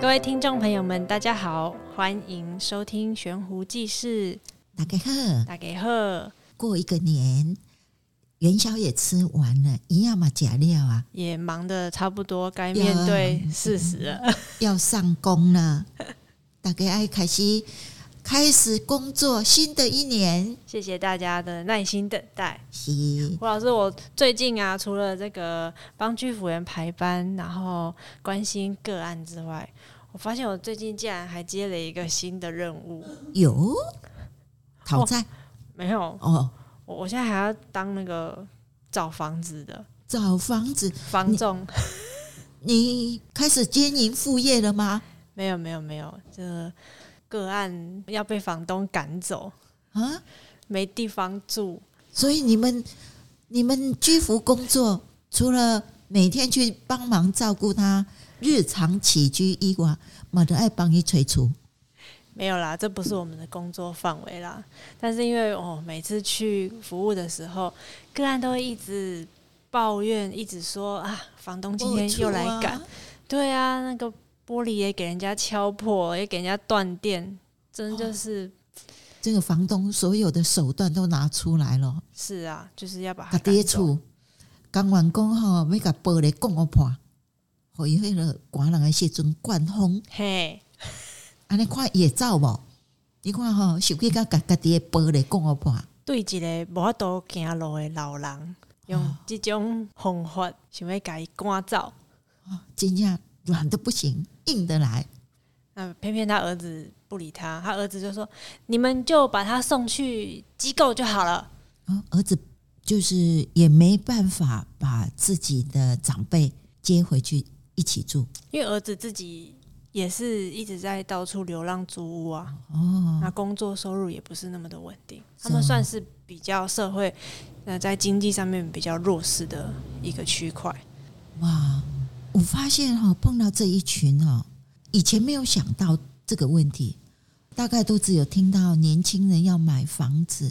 各位聽眾朋友們，大家好，歡迎收聽懸壺濟世，大家好。大家好，大家好，過一個年，元宵也吃完了，一樣嘛假料啊，也忙得差不多，該面對事實了，要，要上工了。大家愛開始，開始工作，新的一年，謝謝大家的耐心等待。謝，是，胡老師，我最近啊，除了這個幫居服員排班，然後關心個案之外，發現我最近竟然還接了一個新的任務，有討債、哦、沒有？哦，我我現在還要當那個找房子的，找房子房仲。你開始經營副業了嗎？沒有，沒有，沒有，這個個案要被房東趕走啊，沒地方住，所以你們你們居服工作除了。每天去幫忙照顧他日常起居衣冠，馬德愛幫你催促？沒有啦，這不是我們的工作範圍啦。但是因為哦，每次去服務的時候，個案都會一直抱怨，一直說啊，房東今天又來趕。對啊，那個玻璃也給人家敲破，也給人家斷電，真的是這個房東所有的手段都拿出來了。是啊，就是要把他跌出。剛完工吼，欲共玻璃互破，予伊迄個，寒人誒時陣灌風嘿，安尼看伊會走無？你看吼，手機共家己誒玻璃互破，對一個無法度走路誒老人，用即種方法想要共伊趕走，啊、哦，真正軟得不行，硬得來，啊，偏偏他兒子不理他，他兒子就說：“你們就把他送去機構就好了。”啊、哦，兒子。就是也沒辦法把自己的長輩接回去一起住，因為兒子自己也是一直在到處流浪租屋啊。哦，那工作收入也不是那麼的穩定，他們算是比較社會，那在經濟上面比較弱勢的一個區塊。哇，我發現哈，碰到這一群哈，以前沒有想到這個問題，大概都只有聽到年輕人要買房子。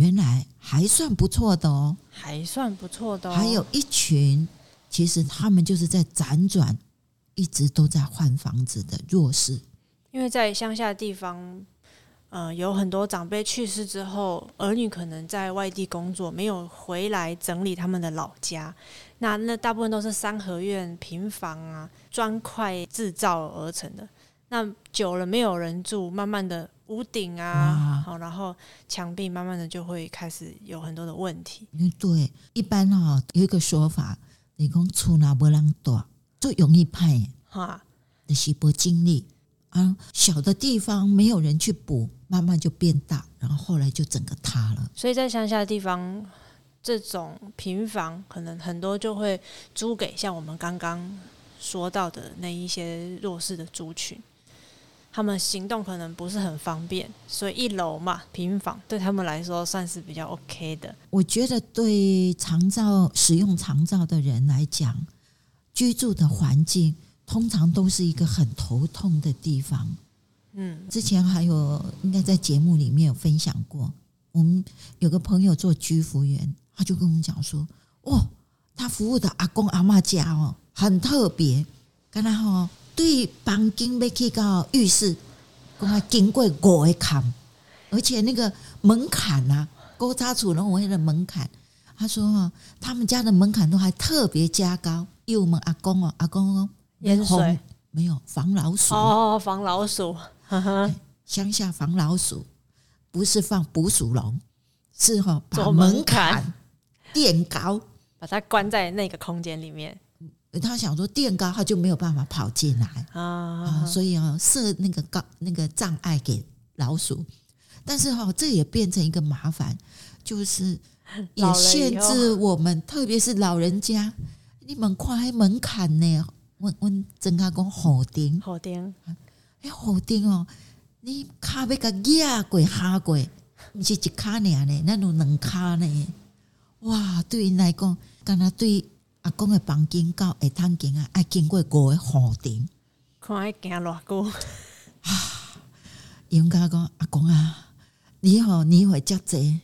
原來還算不錯的哦，還算不錯的。還有一群，其實他們就是在輾轉，一直都在換房子的弱勢。因為在鄉下的地方，呃，有很多長輩去世之後，兒女可能在外地工作，沒有回來整理他們的老家。那那大部分都是三合院、平房啊，磚塊製造而成的。那久了沒有人住，慢慢的屋頂啊，啊好，然後牆壁慢慢的就會開始有很多的問題。對，一般哈、哦、有一個說法，你講粗那波浪多就是、容易派哈，那、啊、是不經歷啊，小的地方沒有人去補，慢慢就變大，然後後來就整個塌了。所以在鄉下的地方，這種平房可能很多就會租給像我們剛剛說到的那一些弱勢的族群。他們行動可能不是很方便，所以一樓嘛，平房對他們來說算是比較 OK 的。我覺得對長照、使用長照的人來講，居住的環境通常都是一個很頭痛的地方。嗯，之前還有應該在節目裡面有分享過，我們有個朋友做居服員，他就跟我們講說：“哦，他服務的阿公阿嬤家哦，很特別，跟他說所以房間要去到浴室，講啊，經過過的坎。而且那個門檻啊，勾差處那屋的門檻，他說哈，他們家的門檻都還特別加高。因為我們阿公哦，阿公哦，是誰水？沒有防老鼠哦，防老鼠，哈哈，鄉下防老鼠不是放捕鼠籠，是哈，把門檻墊高，把它關在那個空間裡面。他想說墊高，他就沒有辦法跑進來啊，啊所以啊、哦，設那個高那個障礙給老鼠。但是哈、哦，這也變成一個麻煩，就是也限制我們，特別是老人家，你們跨門檻呢？我我真阿公好頂好頂，好頂柳、啊、哦，你卡貝個亞鬼蝦鬼，唔是一卡呢啊？那種能卡呢？哇，對人來講，跟他對。阿公誒，房間到會探景啊！愛經過五個河亭，看伊行偌久 啊！伊講甲我講，阿公啊，你好、喔，你會遮濟？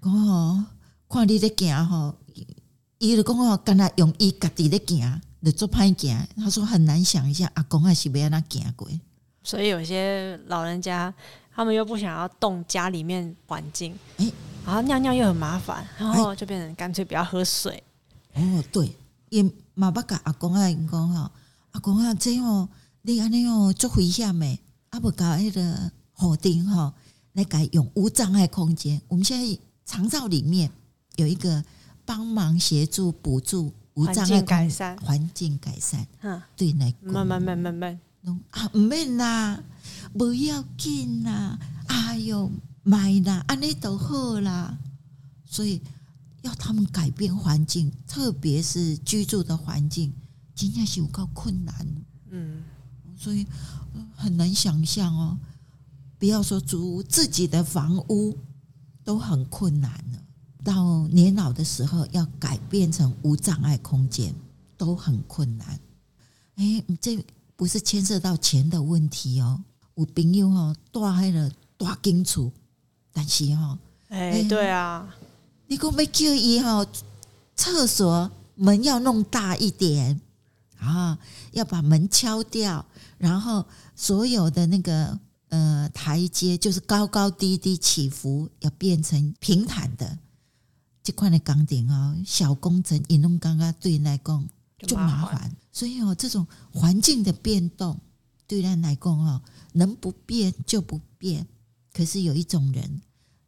我吼、喔，看你、喔，你咧行吼，伊就講吼，干那用伊家己咧行，你做歹行。他說很難想一下，阿公還是不安那行過。所以有些老人家，他們又不想要動家裡面環境，欸、然後尿尿又很麻煩，然後就變成乾脆不要喝水。欸欸哦、嗯，對，也馬不搞阿公啊，阿公哈，阿公啊，這，個、你這樣你安尼哦，真危險哦，阿不搞那個火釘哈，來改用無障礙空間。我們現在長照裡面有一個幫忙協助補助無障礙改善，環境改善，改善，嗯，對，來慢慢慢慢慢，儂啊，毋免啦，無要緊啦，哎喲，賣啦，安尼就好啦，所以。要他們改變環境，特別是居住的環境，現在是有夠困難。嗯，所以很難想象哦。不要說租自己的房屋都很困難，到年老的時候要改變成無障礙空間都很困難。哎，這不是牽涉到錢的問題哦。我朋友哈、那個，大害了大金主，但是哈、哦，哎，哎對啊。你可不可以叫他，廁所門要弄大一點啊，要把門敲掉，然後所有的那個呃台階就是高高低低起伏要變成平坦的，這塊的崗頂啊，小工程一弄剛剛對人來講就麻煩，所以哦，這種環境的變動對人來講哦，能不變就不變，可是有一種人，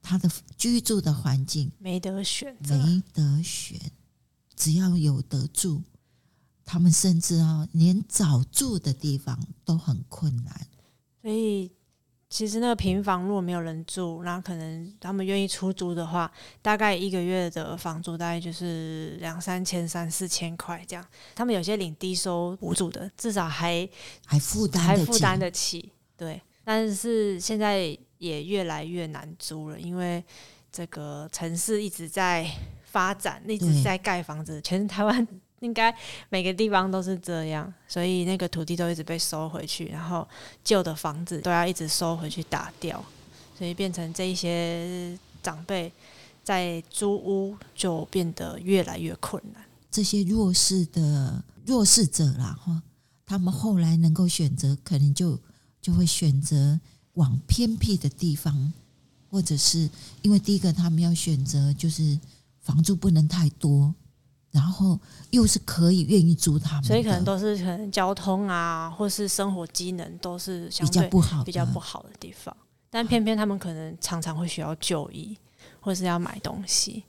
他的居住的環境沒得選，沒得選，只要有得住，他們甚至啊、哦、連找住的地方都很困難。所以其實那個平房如果沒有人住，那可能他們願意出租的話，大概一個月的房租大概就是兩三千、三四千塊這樣。他們有些領低收補助的，至少還還負擔還負擔得起。對，但是現在。也越來越難租了，因為這個城市一直在發展，對一直在蓋房子，全台灣應該每個地方都是這樣，所以那個土地都一直被收回去，然後舊的房子都要一直收回去打掉，所以變成這一些長輩在租屋就變得越來越困難。這些弱勢的弱勢者啦，他們後來能夠選擇，可能就就會選擇。往偏僻的地方，或者是因為第一個，他們要選擇就是房租不能太多，然後又是可以願意租他們，所以可能都是可能交通啊，或是生活機能都是相對比較不好，比較不好的地方。但偏偏他們可能常常會需要就醫，或是要買東西，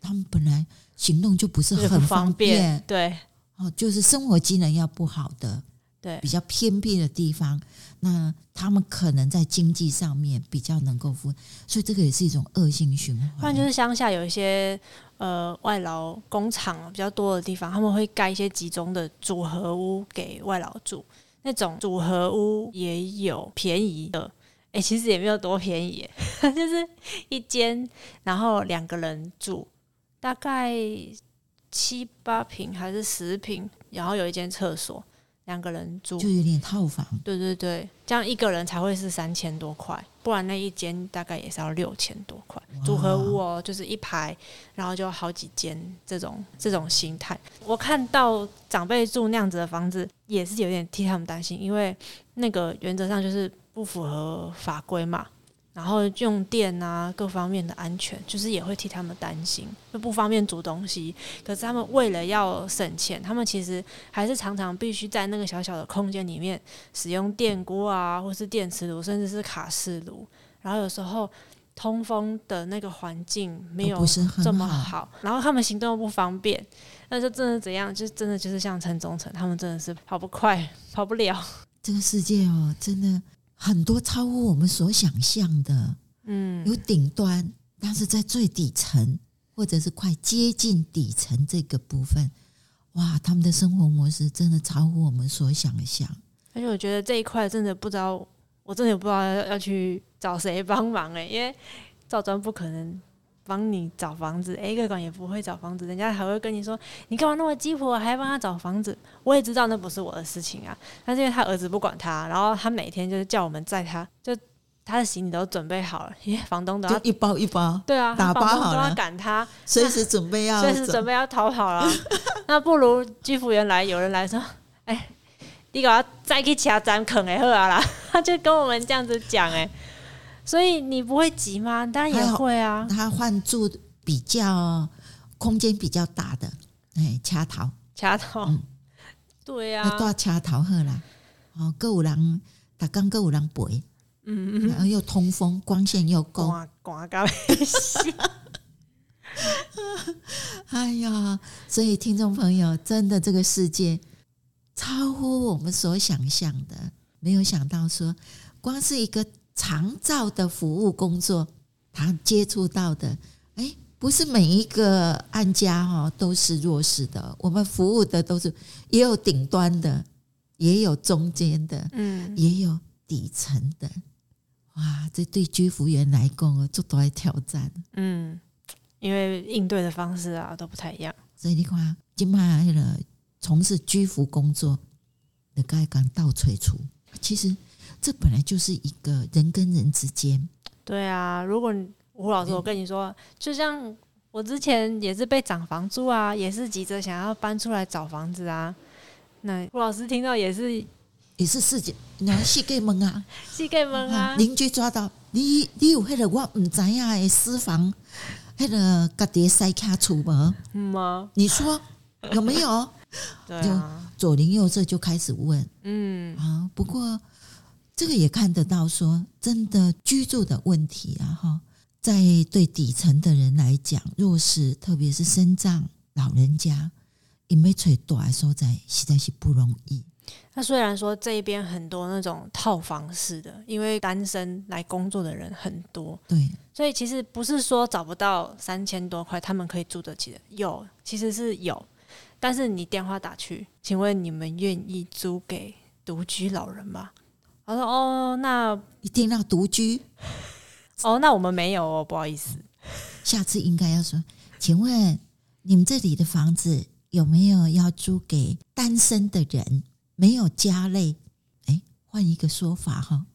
他們本來行動就不是很方便，方便對，哦，就是生活機能要不好的。對，比較偏僻的地方，那他們可能在經濟上面比較能夠分。所以這個也是一種惡性循環。或者就是鄉下有一些呃外勞工廠比較多的地方，他們會蓋一些集中的組合屋給外勞住。那種組合屋也有便宜的，哎、欸，其實也沒有多便宜呵呵，就是一間，然後兩個人住，大概七八坪還是十坪，然後有一間廁所。兩個人住就有點套房，對對對，這樣一個人才會是三千多塊，不然那一間大概也是要六千多塊。哇組合屋哦，就是一排，然後就好幾間這種這種形態。我看到長輩住那樣子的房子，也是有點替他們擔心，因為那個原則上就是不符合法規嘛。然後用電啊，各方面的安全，就是也會替他們擔心，就不方便煮東西。可是他們為了要省錢，他們其實還是常常必須在那個小小的空間裡面使用電鍋啊，或是電磁爐，甚至是卡式爐。然後有時候通風的那個環境沒有這麼好，哦、好然後他們行動又不方便，那就真的怎樣？就真的就是像城中城他們真的是跑不快，跑不了。這個世界哦，真的。很多超乎我們所想象的，嗯，有頂端，但是在最底層，或者是快接近底層這個部分，哇，他們的生活模式真的超乎我們所想象。而且我覺得這一塊真的不知道，我真的不知道要要去找誰幫忙誒，因為照專不可能。幫你找房子，A 個管也不會找房子，人家還會跟你說你干嘛那麼雞婆，還幫他找房子？我也知道那不是我的事情啊，但是因為他兒子不管他，然後他每天就是叫我們載他就他的行李都準備好了，咦，房東都要一包一包，對啊，打包好了，都要趕他隨時準備要隨時準備要逃跑了， 那不如居服員來，有人來說，哎、欸，你給我再去其他站啃會好了啦，他 就跟我們這樣子講哎、欸。所以你不會急嗎？當然也會啊。他換住比較空間比較大的，哎、嗯，夾套夾套，對呀，他要夾套好了。哦，閣五郎打剛閣五郎，嗯嗯，然後又通風，光線又夠，光夠。 哎呀，所以聽眾朋友，真的這個世界超乎我們所想象的，沒有想到說光是一個。長照的服務工作，他接觸到的，哎，不是每一個案家哈都是弱勢的，我們服務的都是也有頂端的，也有中間的，嗯，也有底層的，哇，這對居服員來講啊，這都是挑戰，嗯，因為應對的方式啊都不太一樣，所以你看，金媽那個從事居服工作的概剛倒退出，其實。這本來就是一個人跟人之間。對啊，如果吳老師，我跟你說，嗯、就像我之前也是被漲房租啊，也是急着想要搬出來找房子啊。那吳老師聽到也是也是事件，那細蓋門啊，細蓋門啊，啊鄰居抓到你，你有那個我不知道的私房， 那個隔碟塞卡出門嗎？嗯、嗎你說有沒有？ 對、啊、左鄰右舍就開始問，嗯啊，不過。這個也看得到，說真的，居住的問題，啊。哈，在對底層的人來講，弱勢，特別是身障老人家，也沒吹短說在實在是不容易。那雖然說這邊很多那種套房式的，因為單身來工作的人很多，對，所以其實不是說找不到三千多塊，他們可以租得起的，有其實是有，但是你電話打去，請問你們願意租給獨居老人嗎？他說：“哦，那一定要獨居？哦，那我們沒有、哦，不好意思。下次應該要說，請問你們這裡的房子有沒有要租給單身的人？沒有家累？哎、欸，換一個說法哈、哦，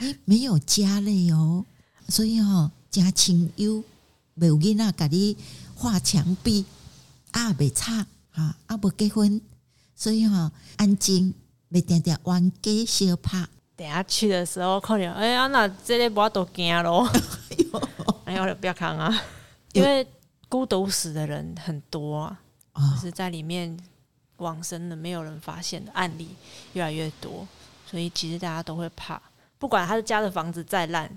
哎、欸，沒有家累哦，所以哈、哦，家清幽，沒有那跟你畫牆壁，阿、啊、沒差哈，阿、啊、不、啊、結婚，所以哈、哦，安靜，沒點點玩街小趴。拍”等下去的時候，看到哎呀，那這裡我都驚了。哎、欸、呀，啊、呦我不要看啊，因為孤獨死的人很多啊，啊就是在裡面往生的，沒有人發現的案例越來越多，所以其實大家都會怕。不管他的家的房子再爛，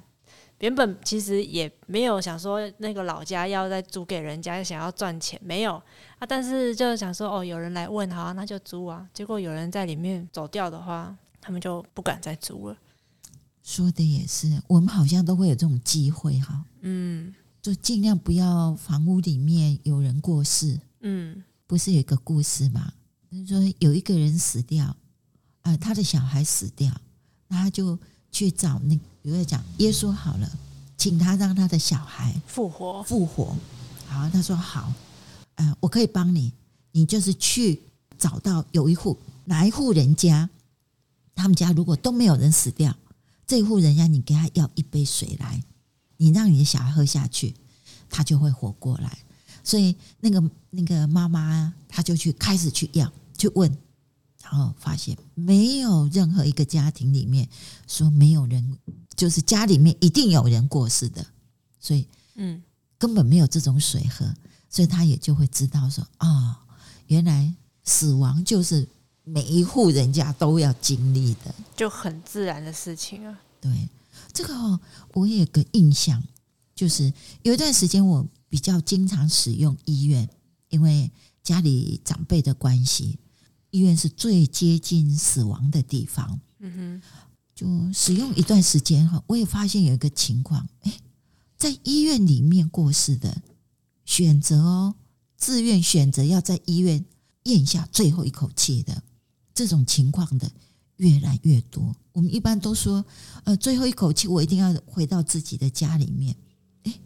原本其實也沒有想說那個老家要再租給人家，想要賺錢沒有啊？但是就是想說，哦，有人來問，他、啊，那就租啊。結果有人在裡面走掉的話。他們就不敢再租了。說的也是，我們好像都會有這種機會哈。嗯，就盡量不要房屋裡面有人過世。嗯，不是有一個故事嗎？就是說有一個人死掉，呃，他的小孩死掉，他就去找那個，比如講耶穌好了，請他讓他的小孩復活，復活。好，他說好，呃，我可以幫你，你就是去找到有一戶哪，一戶人家。他們家如果都沒有人死掉，這戶人家你給他要一杯水來，你讓你的小孩喝下去，他就會活過來。所以那個那個媽媽啊，他就去開始去要，去問，然後發現沒有任何一個家庭裡面說沒有人，就是家裡面一定有人過世的，所以嗯，根本沒有這種水喝，所以他也就會知道說哦，原來死亡就是。每一戶人家都要經歷的，就很自然的事情啊。對，這個我有個印象，就是有一段時間我比較經常使用醫院，因為家裡長輩的關係，醫院是最接近死亡的地方。嗯哼，就使用一段時間哈，我也發現有一個情況，哎，在醫院裡面過世的，選擇哦，自願選擇要在醫院嚥下最後一口氣的。這種情況的越來越多，我們一般都說，呃，最後一口氣我一定要回到自己的家裡面。誒、欸，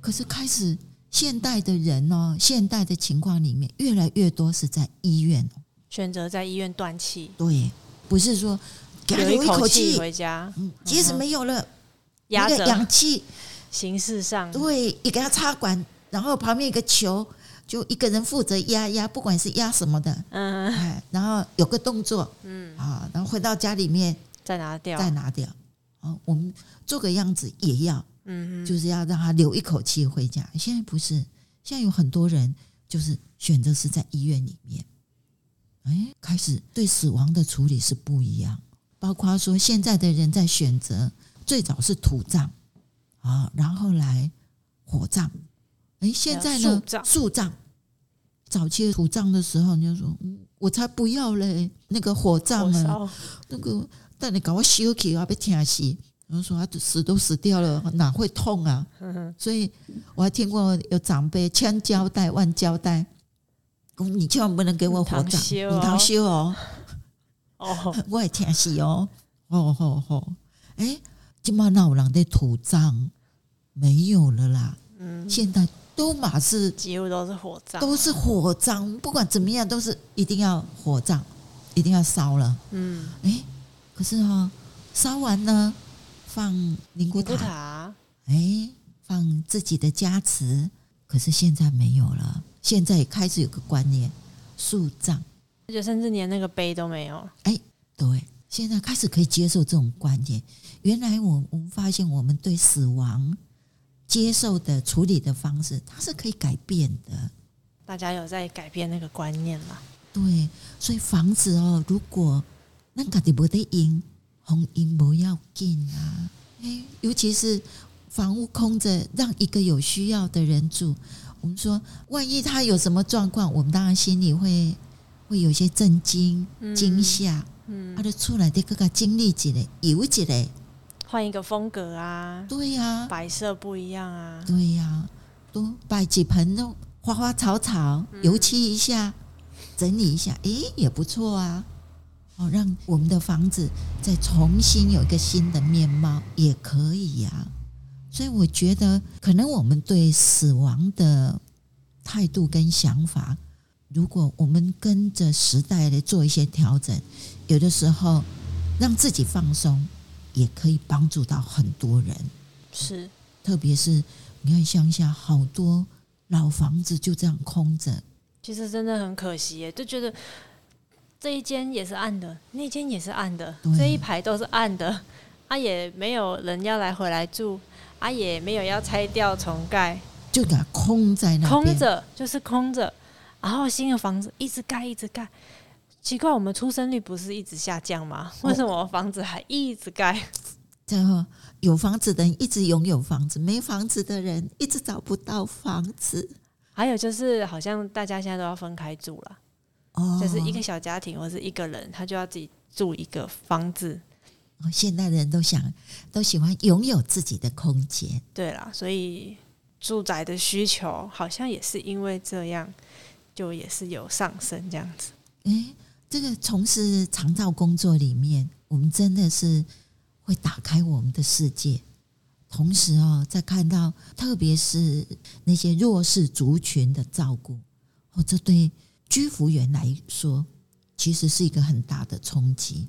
可是開始現代的人呢、喔，現代的情況裡面越來越多是在醫院、喔、選擇在醫院斷氣。對，不是說給他留一口氣回家、嗯，即使沒有了，一呵個氧氣形式上，著對，你給他插管，然後旁邊一個球。就一個人負責壓壓，不管是壓什麼的，嗯，然後有個動作，嗯，啊，然後回到家裡面再拿掉，再拿掉，啊，我們做個樣子也要，嗯哼，就是要讓他留一口氣回家。現在不是，現在有很多人就是選擇是在醫院裡面，哎，開始對死亡的處理是不一樣，包括說現在的人在選擇最早是土葬，啊，然後來火葬。誒，現在呢？樹葬杖，早期的土葬的時候，人家說：“我才不要嘞，那個火葬呢、啊？燒那個，但你給我燒起，我要被燙死。”人家說：“他死都死掉了，哪會痛啊？”呵呵，所以我還聽過有長輩千交代萬交代：“，你千萬不能給我火葬，你逃休哦。”哦，我也痛死哦，哦哦哦哎，今嘛老人的土葬沒有了啦，嗯，現在。都嘛是幾乎都是火葬，都是火葬，不管怎麼樣都是一定要火葬，一定要燒了。嗯，哎、欸，可是哈、喔，燒完呢，放靈骨塔，哎、啊欸，放自己的家祠。可是現在沒有了，現在也開始有個觀念，樹葬，就甚至連那個碑都沒有。哎、欸，對，現在開始可以接受這種觀念。原來我我們發現，我們對死亡。接受的處理的方式，它是可以改變的。大家有在改變那個觀念嗎？對，所以房子哦，如果那個的不得贏紅贏不要緊啊、欸！尤其是房屋空着，讓一個有需要的人住。我們說，萬一他有什麼狀況，我們當然心裡會會有些震驚、驚嚇、嗯。嗯，啊、就他就出來的各個經歷積累，由積累。換一個風格啊！對呀、啊，擺設不一樣啊！對呀、啊，多擺幾盆的花花草草，嗯、油漆一下，整理一下，誒、欸，也不錯啊！哦，讓我們的房子再重新有一個新的面貌也可以啊。所以我覺得，可能我們對死亡的態度跟想法，如果我們跟着時代來做一些調整，有的時候讓自己放鬆。也可以幫助到很多人，是，特別是你看鄉下好多老房子就這樣空着，其實真的很可惜耶，就覺得這一間也是暗的，那間也是暗的，對這一排都是暗的，啊也沒有人要來回來住，啊也沒有要拆掉重蓋，就給它空在那，空着就是空着，然後新的房子一直蓋一直蓋。奇怪，我們出生率不是一直下降嗎？為什麼我房子還一直蓋？最後、哦哦、有房子的人一直擁有房子，沒房子的人一直找不到房子。還有就是，好像大家現在都要分開住了，哦，就是一個小家庭或者是一個人，他就要自己住一個房子。哦，現代人都想都喜歡擁有自己的空間。對啦，所以住宅的需求好像也是因為這樣，就也是有上升這樣子。嗯、欸。這個從事長照工作裡面，我們真的是會打開我們的世界。同時哦，在看到特別是那些弱勢族群的照顧哦，這對居服員來說其實是一個很大的衝擊。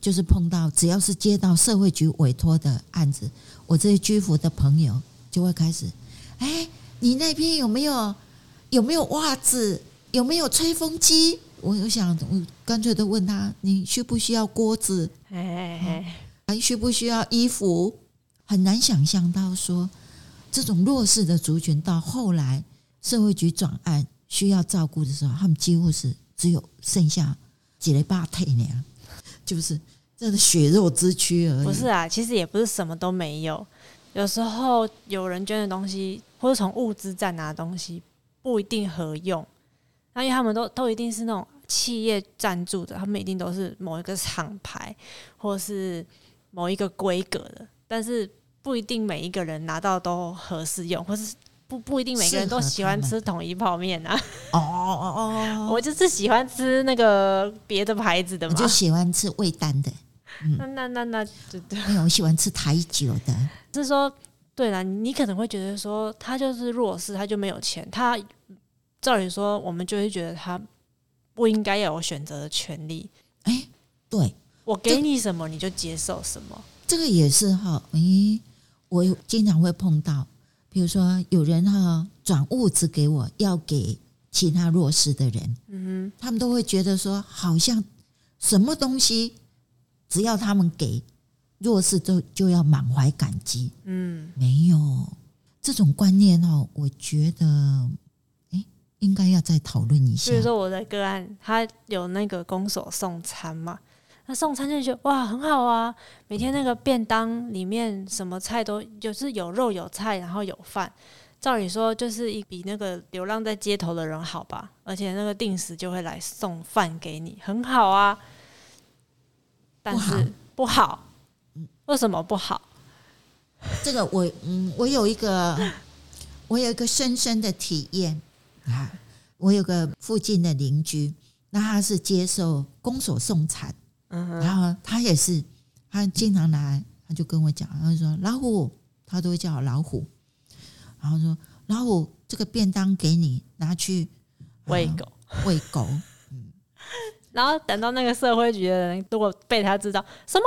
就是碰到只要是接到社會局委託的案子，我這些居服的朋友就會開始：哎、欸，你那邊有沒有有沒有襪子？有沒有吹風機？我我想，我乾脆都問他，你需不需要鍋子？哎，哎，哎，還需不需要衣服？很難想象到說這種弱勢的族群到後來社會局轉案需要照顧的時候，他們幾乎是只有剩下幾杯八腿呀，就是真的血肉之軀而已。不是啊，其實也不是什麼都沒有。有時候有人捐的東西，或者從物資站拿的東西，不一定合用，因為他們都都一定是那種。企業贊助的，他們一定都是某一個廠牌，或是某一個規格的，但是不一定每一個人拿到都合適用，或是不不一定每一個人都喜歡吃統一泡面吶、啊。哦哦哦，我就是喜歡吃那個別的牌子的嘛，我就喜歡吃味丹的。嗯、 那那那那，對對、啊，我喜歡吃台酒的。就是說，對了，你可能會覺得說他就是弱勢，他就沒有錢。他照理說，我們就會覺得他。不應該有選擇的權利。哎，對，我給你什麼你就接受什麼，這個也是哈。哎，我經常會碰到，比如說有人哈轉物資給我，要給其他弱勢的人，嗯哼，他們都會覺得說，好像什麼東西只要他們給弱勢，都就要滿懷感激。嗯，沒有這種觀念哈，我覺得。應該要再討論一下。比如說我的個案，他有那個公所送餐嘛？那送餐就覺得哇，很好啊！每天那個便當裡面什麼菜都，就是有肉有菜，然後有飯。照理說就是一比那個流浪在街頭的人好吧？而且那個定時就會來送飯給你，很好啊。但是不好，不好，為什麼不好？這個我嗯，我有一個，我有一個深深的體驗。啊，我有個附近的鄰居，那他是接受公所送餐，uh huh. 然後他也是，他經常來，他就跟我講，他說老虎，他都會叫我老虎，然後說老虎，這個便當給你拿去餵狗，嗯、餵狗， 然後等到那個社會局的人如果被他知道，什麼？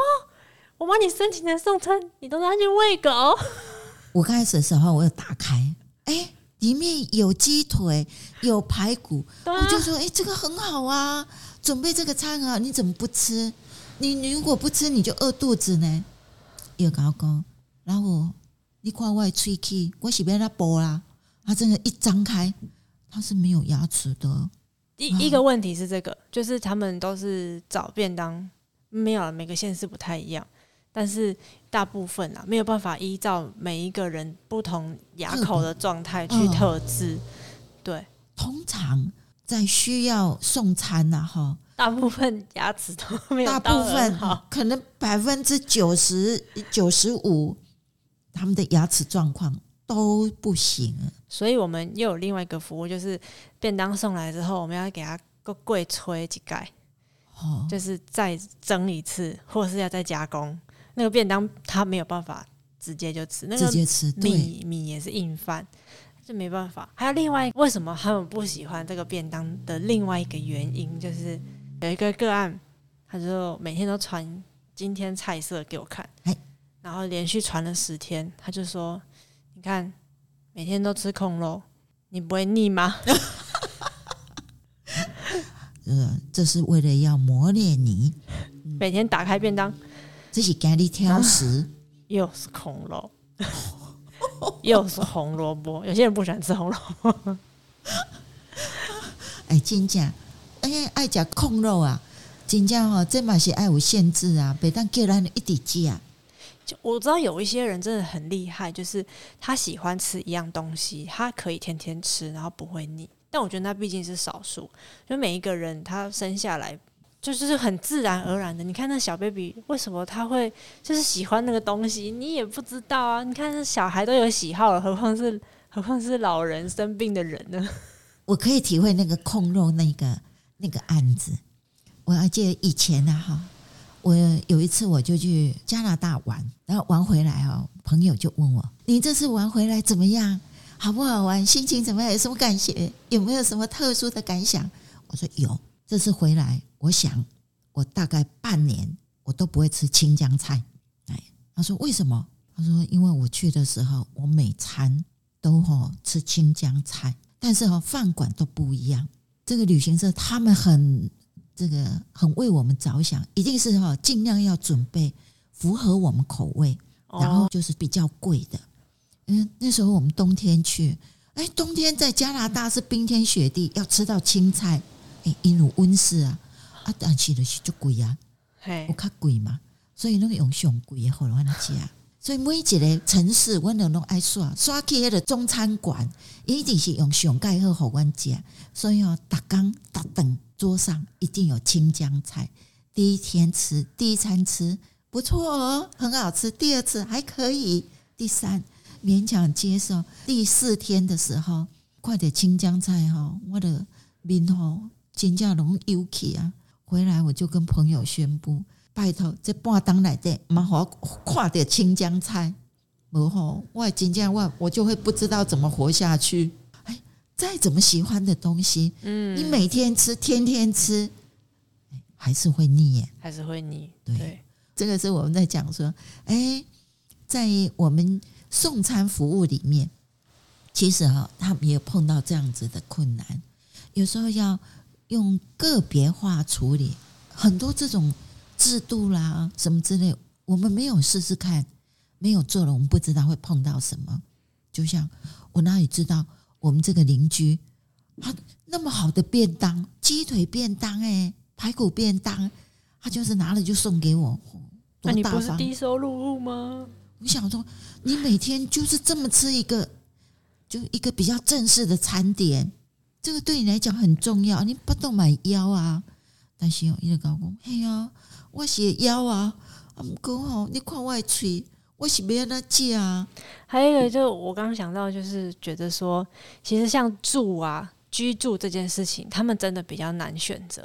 我幫你申請的送餐，你都拿去餵狗？ 我剛開始的時候，我有打開，哎、欸。裡面有雞腿，有排骨，啊、我就說，誒、欸，這個很好啊，準備這個餐啊，你怎麼不吃？你如果不吃，你就餓肚子呢。又跟我講，老虎，你快快吹氣，我是不要它啦。它真的一張開，它是沒有牙齒的。第一個問題是這個，就是他們都是找便當，沒有每個縣市不太一樣。但是大部分啊，沒有辦法依照每一個人不同牙口的狀態去特制。對，哦、通常在需要送餐啊，哈，大部分牙齒都沒有，大部分哈，可能百分之九十九十五，他們的牙齒狀況都不行。所以我們又有另外一個服務，就是便當送來之後，我們要給他個櫃吹幾蓋，哦，就是再蒸一次，或是要再加工。那個便當他沒有辦法直接就吃，那個米米也是硬飯，就沒辦法。還有另外，為什麼他們不喜歡這個便當的另外一個原因，就是有一個個案，他就說，每天都傳今天菜色給我看，嘿然後連續傳了十天，他就說：“你看，每天都吃控肉，你不會膩嗎？” 呃，這是為了要磨練你，嗯、每天打開便當。自是驚你挑食，哦、又是焢肉，又是紅蘿蔔。有些人不喜歡吃紅蘿蔔。哎、欸，金醬，哎、欸，愛吃焢肉啊，金醬哈，真嘛是愛無限制啊，袂當叫人一直食。就我知道有一些人真的很厲害，就是他喜歡吃一樣東西，他可以天天吃，然後不會膩。但我覺得那畢竟是少數，就每一個人他生下來。就是很自然而然的，你看那小 baby 為什麼他會就是喜歡那個東西，你也不知道啊。你看那小孩都有喜好了，何況是何況是老人生病的人呢？我可以體會那個控肉那個那個案子。我還記得以前啊，哈，我有一次我就去加拿大玩，然後玩回來哦、喔，朋友就問我：“你這次玩回來怎麼樣？好不好玩？心情怎麼樣？有什麼感覺？有沒有什麼特殊的感想？”我說：“有，這次回來。”我想，我大概半年我都不會吃青江菜。哎，他說為什麼？他說，因為我去的時候，我每餐都哈、哦、吃青江菜，但是哈、哦、飯館都不一樣。這個旅行社他們很這個很為我們着想，一定是哈、哦、盡量要準備符合我們口味，然後就是比較貴的。嗯、哦，那時候我們冬天去，哎，冬天在加拿大是冰天雪地，要吃到青菜，哎，一入溫室啊。但是就是啊，是西是就貴啊，有較貴嘛，所以那個用上貴也予阮食啊。所以每一個城市我，我那攏愛耍去迄個中餐館，一定是用上蓋好予阮食。所以哦，逐工逐頓桌上一定有青江菜。第一天吃，第一餐吃不錯哦，很好吃。第二次還可以，第三勉強接受。第四天的時候，看著青江菜吼、哦，我的面吼真正攏有起啊。回來我就跟朋友宣佈，拜託這半當奶的，媽，好，跨點青江菜，無好我今天，話我就會不知道怎麼活下去。哎，再怎麼喜歡的東西，嗯、你每天吃，天天吃，還是會膩，還是會膩。會對，對這個是我們在講說，哎，在我們送餐服務裡面，其實哈、哦，他們也碰到這樣子的困難，有時候要。用個別化處理很多這種制度啦什麼之類，我們沒有試試看，沒有做了，我們不知道會碰到什麼。就像我哪裡知道，我們這個鄰居，他那麼好的便當，雞腿便當哎、欸，排骨便當，他就是拿了就送給我，多大方！那你不是低收入戶嗎？我想說，你每天就是這麼吃一個，就一個比較正式的餐點。這個對你來講很重要，你不懂買腰啊？但是、喔，一個老公，嘿、哎、呀，我寫腰啊，唔夠哦，你看我的嘴，我是沒有那字啊？還有一個，就我剛剛想到，就是覺得說，其實像住啊，居住這件事情，他們真的比較難選擇，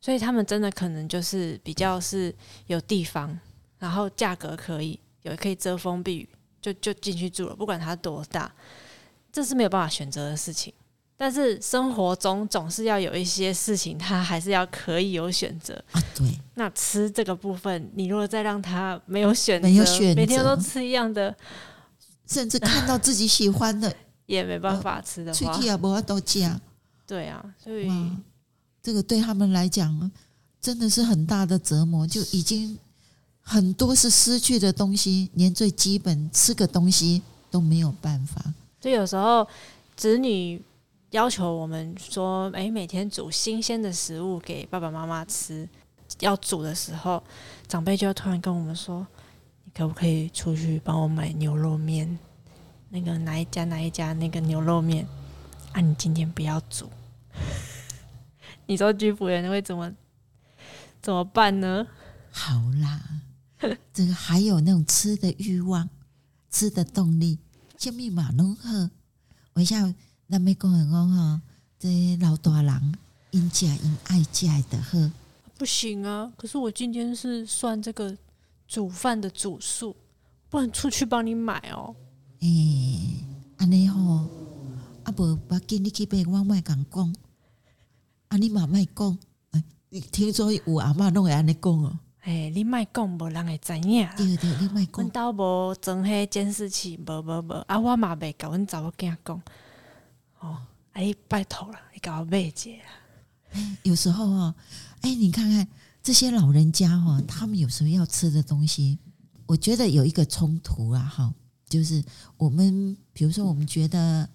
所以他們真的可能就是比較是有地方，然後價格可以，有可以遮風避雨，就就進去住了，不管他多大，這是沒有辦法選擇的事情。但是生活中總是要有一些事情，他還是要可以有選擇。啊、對，那吃這個部分，你如果再讓他沒有選擇、沒有選擇，每天都吃一樣的，甚至看到自己喜歡的、啊、也沒辦法吃的話，喙啊、呃，不要都對啊，所以、嗯、這個對他們來講真的是很大的折磨，就已經很多是失去的東西，連最基本吃個東西都沒有辦法。所以有時候子女。要求我們說：“哎、欸，每天煮新鮮的食物給爸爸媽媽吃。要煮的時候，長輩就要突然跟我們說：‘你可不可以出去幫我買牛肉麵？’那個哪一家哪一家那個牛肉麵啊？你今天不要煮。你說居服員會怎麼怎麼辦呢？好啦， 這個還有那種吃的慾望、吃的動力，就密馬弄和我一下。”咱欲講人講吼，這老大人因食因愛食的呵，不行啊！可是我今天是算這個煮飯的主數，不然出去幫你買哦。誒、欸，安尼吼，阿無要緊你去買我賣敢講，啊，你嘛賣講，哎、啊，欸、聽說有阿媽攏會安尼講哦，哎、欸，你賣講無人會知影。另講對對對，阮兜無裝迄監視器，無無無，啊，我嘛袂共，阮查某囝講。哦，哎、喔，啊、拜托了，你給我買一個、啊嗯。有時候哈、喔，哎、欸，你看看這些老人家哈、喔，他們有時候要吃的東西，我覺得有一個衝突啊。哈、喔，就是我們比如說我們覺得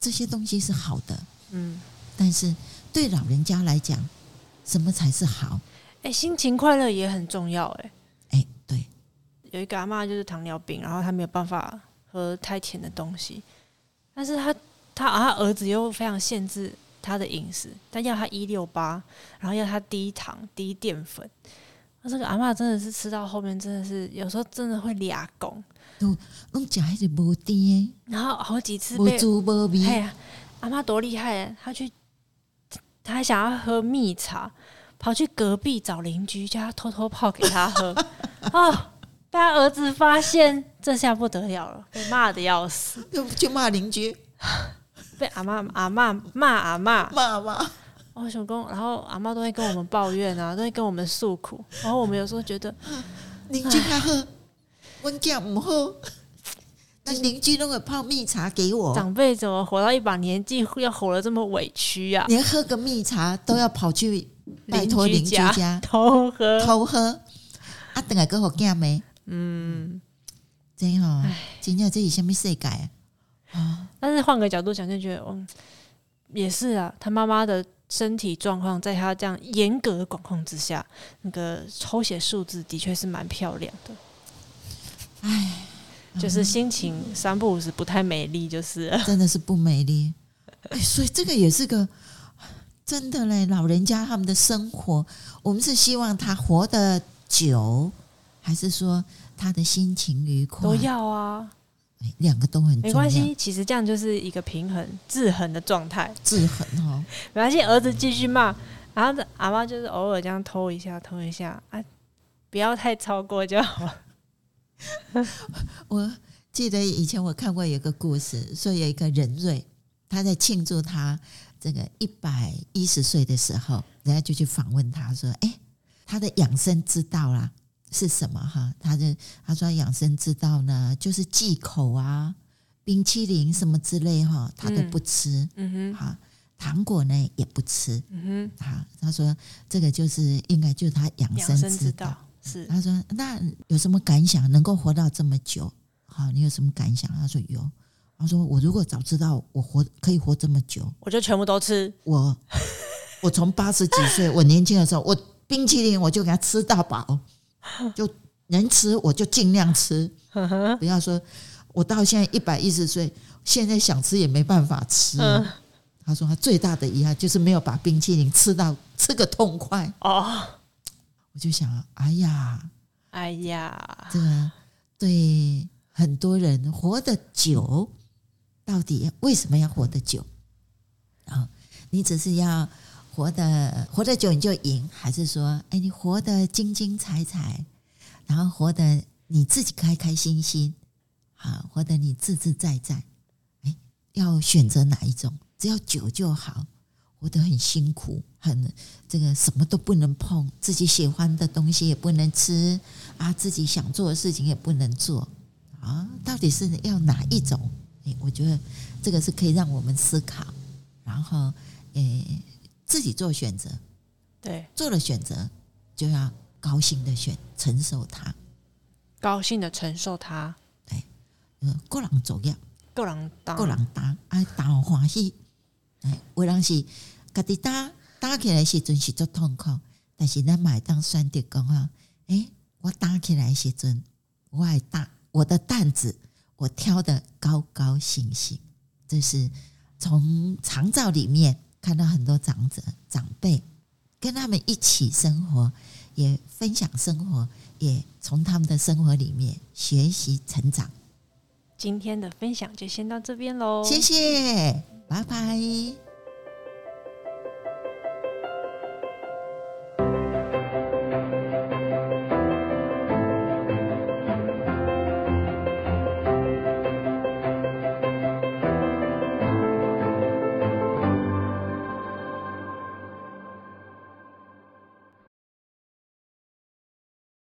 這些東西是好的，嗯，但是對老人家來講，什麼才是好？哎、欸，心情快樂也很重要、欸，哎，哎，對，有一個阿媽就是糖尿病，然後他沒有辦法喝太甜的東西，但是他。他、啊、他兒子又非常限制他的飲食，但要他一六八，然後要他低糖、低澱粉。那這個阿媽真的是吃到後面，真的是有時候真的會啞公，都低、嗯。然後好幾次哎呀、啊，阿媽多厲害、啊！他去，他還想要喝蜜茶，跑去隔壁找鄰居叫她偷偷泡給他喝。 哦，被他兒子發現，這下不得了了，被罵的要死，就就罵鄰居。被阿媽阿媽罵阿媽罵阿媽、哦，我想講，然後阿媽都會跟我們抱怨啊， 都會跟我們訴苦。然後我們有時候覺得鄰居他喝溫酒不喝，那鄰居都會泡蜜茶給我。長輩怎麼活到一把年紀，會要活得這麼委屈啊？連喝個蜜茶都要跑去拜托鄰居家偷喝偷喝。阿等下哥好見沒？啊、嗯，嗯真好今天這一下沒誰改啊。哦但是換個角度想，就覺得，嗯，也是啊。他媽媽的身體狀況，在他這樣嚴格的管控之下，那個抽血數字的確是蠻漂亮的。哎唉，就是心情三不五時不太美麗，就是、嗯、真的是不美麗。哎，所以這個也是個真的嘞。老人家他們的生活，我們是希望他活得久，還是說他的心情愉快？都要啊。兩個都很重要，沒關係，其實這樣就是一個平衡、制衡的狀態。制衡哦，沒關係，兒子繼續罵，然後阿嬤就是偶爾這樣偷一下、偷一下啊，不要太超過就好。 我記得以前我看過有一個故事，說有一個人瑞，他在慶祝他這個一百一十歲的時候，人家就去訪問他說：“哎，他的養生之道啦。”是什麼哈？他的他說他養生之道呢，就是忌口啊，冰淇淋什麼之類哈，他都不吃。嗯，嗯哼，哈，糖果呢也不吃。嗯哼，哈，他說這個就是應該就是他養生之道、道。是，他說那有什麼感想？能夠活到這麼久，好，你有什麼感想？他說有。他說我如果早知道我活可以活這麼久，我就全部都吃。我我從八十幾歲， 我年輕的時候，我冰淇淋我就給他吃到飽。就能吃，我就盡量吃。不要說，我到現在一百一十歲，現在想吃也沒辦法吃。他說他最大的遺憾就是沒有把冰淇淋吃到吃個痛快。哦，我就想啊，哎呀，哎呀，這個對很多人活得久，到底為什麼要活得久啊？哦，你只是要。活得活得久你就贏，還是說，哎，你活得精精彩彩，然後活得你自己開開心心，啊，活得你自自在在，哎，要選擇哪一種？只要久就好，活得很辛苦，很這個什麼都不能碰，自己喜歡的東西也不能吃啊，自己想做的事情也不能做啊，到底是要哪一種？哎，我覺得這個是可以讓我們思考，然後，哎。自己做選擇，對，做了選擇就要高興的選他興承受它，高興的承受它。對，各人造業，各人擔，各人擔，愛擔歡喜。哎，有人是家己擔，擔起來時陣是最痛苦，但是咱嘛會當選擇講哈，哎、欸，我擔起來時陣，我愛擔我的擔子，我挑的高高興興，這、就是從長照裡面看到很多長者、長輩，跟他們一起生活，也分享生活，也從他們的生活裡面學習成長。今天的分享就先到這邊嘍，謝謝，拜拜。